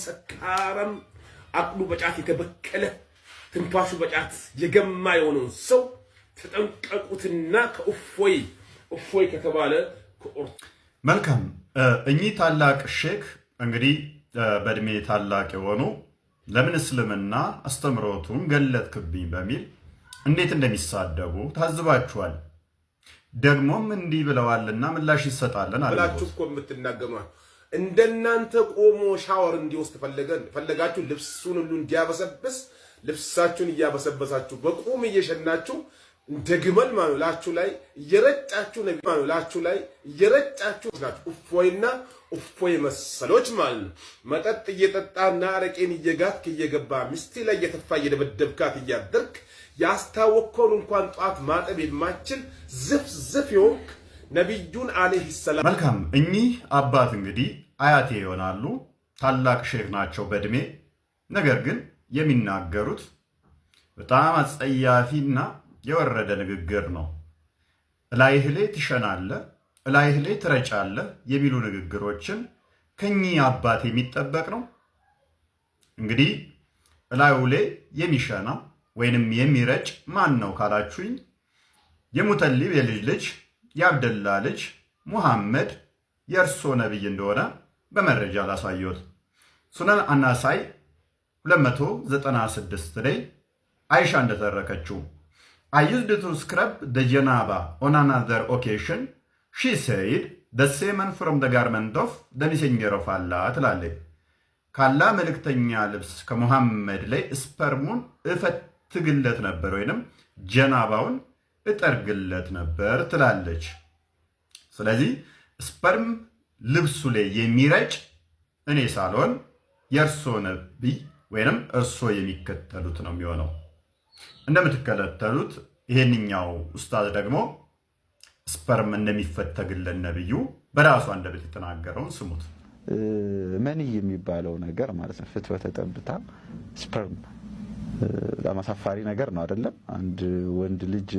ሰካራም አቅሉ በጫት የተበከለ ትንፋሹ በጫት የገማ የሆነውን ሰው ተጠንቀቁትና ከእፎይ እፎይ ከተባለ መልካም። እኚህ ታላቅ ሼክ እንግዲህ በእድሜ ታላቅ የሆኑ ለምን እስልምና አስተምሮቱን ገለጥክብኝ በሚል እንዴት እንደሚሳደቡ ታዝባችኋል። ደግሞም እንዲህ ብለዋልና ምላሽ ይሰጣለን አላችሁ እኮ የምትናገሟል እንደናንተ ቆሞ ሻወር እንዲወስድ ፈለገን ፈለጋችሁ ልብሱን ሁሉ እንዲያበሰብስ ልብሳችሁን እያበሰበሳችሁ በቁም እየሸናችሁ እንደ ግመል ማኖላችሁ ላይ እየረጫችሁ ነቢ ማኖላችሁ ላይ እየረጫችሁ ናችሁ። እፎይና እፎይ መሰሎች ማለት ነው። መጠጥ እየጠጣና አረቄን እየጋትክ እየገባ ሚስቴ ላይ እየተፋ እየደበደብካት እያደርክ ያስታወቅከውን እንኳን ጧት ማጠብ የማችል ዝፍ ዝፍ የሆንክ ነቢዩን አለይሂ ሰላም። መልካም እኚህ አባት እንግዲህ አያቴ ይሆናሉ። ታላቅ ሼህ ናቸው በእድሜ ነገር ግን የሚናገሩት በጣም አጸያፊና የወረደ ንግግር ነው። እላይህ ላይ ትሸናለህ፣ እላይህ ላይ ትረጫለህ የሚሉ ንግግሮችን ከኚህ አባት የሚጠበቅ ነው። እንግዲህ እላዩ ላይ የሚሸና ወይንም የሚረጭ ማን ነው ካላችሁኝ የሙተሊብ የልጅ ልጅ የአብደላ ልጅ ሙሐመድ የእርሶ ነቢይ እንደሆነ በመረጃ ላሳየት። ሱነን አናሳይ 296 ላይ አይሻ እንደተረከችው አይ ቱ ስክረብ ደ ጀናባ ኦን አናዘር ኦኬሽን ሺ ሰይድ ደ ሴመን ፍሮም ደ ጋርመንት ኦፍ ደ ኦፍ አላ ትላለች። ካላ መልእክተኛ ልብስ ከሙሐመድ ላይ ስፐርሙን እፈትግለት ነበር ወይንም ጀናባውን እጠርግለት ነበር ትላለች። ስለዚህ ስፐርም ልብሱ ላይ የሚረጭ እኔ ሳልሆን የእርሶ ነቢይ ወይንም እርሶ የሚከተሉት ነው የሚሆነው። እንደምትከተሉት ይሄንኛው ኡስታዝ ደግሞ ስፐርም እንደሚፈተግለን ነብዩ በራሷ አንደበት የተናገረውን ስሙት። መንይ የሚባለው ነገር ማለት ነው። ፍትወተ ጠብታ ስፐርም በጣም አሳፋሪ ነገር ነው አይደለም? አንድ ወንድ ልጅ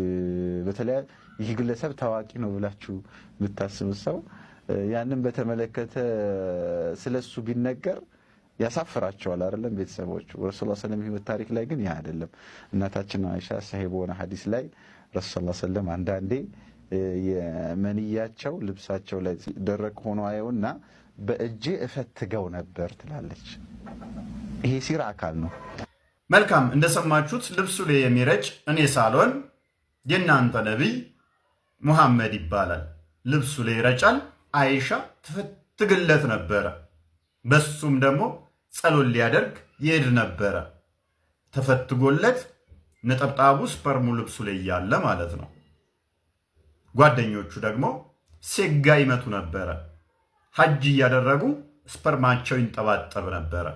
በተለያ ይህ ግለሰብ ታዋቂ ነው ብላችሁ የምታስብ ሰው ያንን በተመለከተ ስለሱ ቢነገር ያሳፍራቸዋል አይደለም? ቤተሰቦቹ ረሱል ሰለም ህይወት ታሪክ ላይ ግን ይህ አይደለም። እናታችን አይሻ ሳሂህ በሆነ ሀዲስ ላይ ረሱል ሰለም አንዳንዴ የመንያቸው ልብሳቸው ላይ ደረቅ ሆኖ አየውና በእጄ እፈትገው ነበር ትላለች። ይሄ ሲራ አካል ነው። መልካም እንደሰማችሁት ልብሱ ላይ የሚረጭ እኔ ሳልሆን የእናንተ ነቢይ ሙሐመድ ይባላል። ልብሱ ላይ ይረጫል። አይሻ ትፈትግለት ነበረ። በሱም ደግሞ ጸሎት ሊያደርግ ይሄድ ነበረ። ተፈትጎለት ነጠብጣቡ ስፐርሙ ልብሱ ላይ እያለ ማለት ነው። ጓደኞቹ ደግሞ ሴጋ ይመቱ ነበረ። ሀጅ እያደረጉ ስፐርማቸው ይንጠባጠብ ነበረ።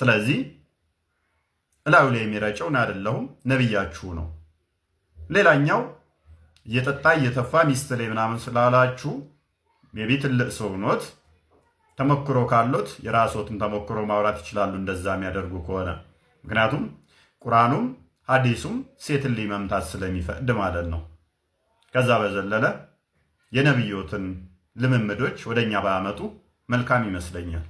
ስለዚህ እላዩ ላይ የሚረጨው እኔ አይደለሁም ነቢያችሁ ነው። ሌላኛው እየጠጣ እየተፋ ሚስት ላይ ምናምን ስላላችሁ የቤት ትልቅ ሰው ኖት ተሞክሮ ካሎት የራሶትን ተሞክሮ ማውራት ይችላሉ፣ እንደዛ የሚያደርጉ ከሆነ ምክንያቱም ቁርአኑም ሀዲሱም ሴትን ሊመምታት ስለሚፈቅድ ማለት ነው። ከዛ በዘለለ የነብዮትን ልምምዶች ወደኛ ባያመጡ መልካም ይመስለኛል።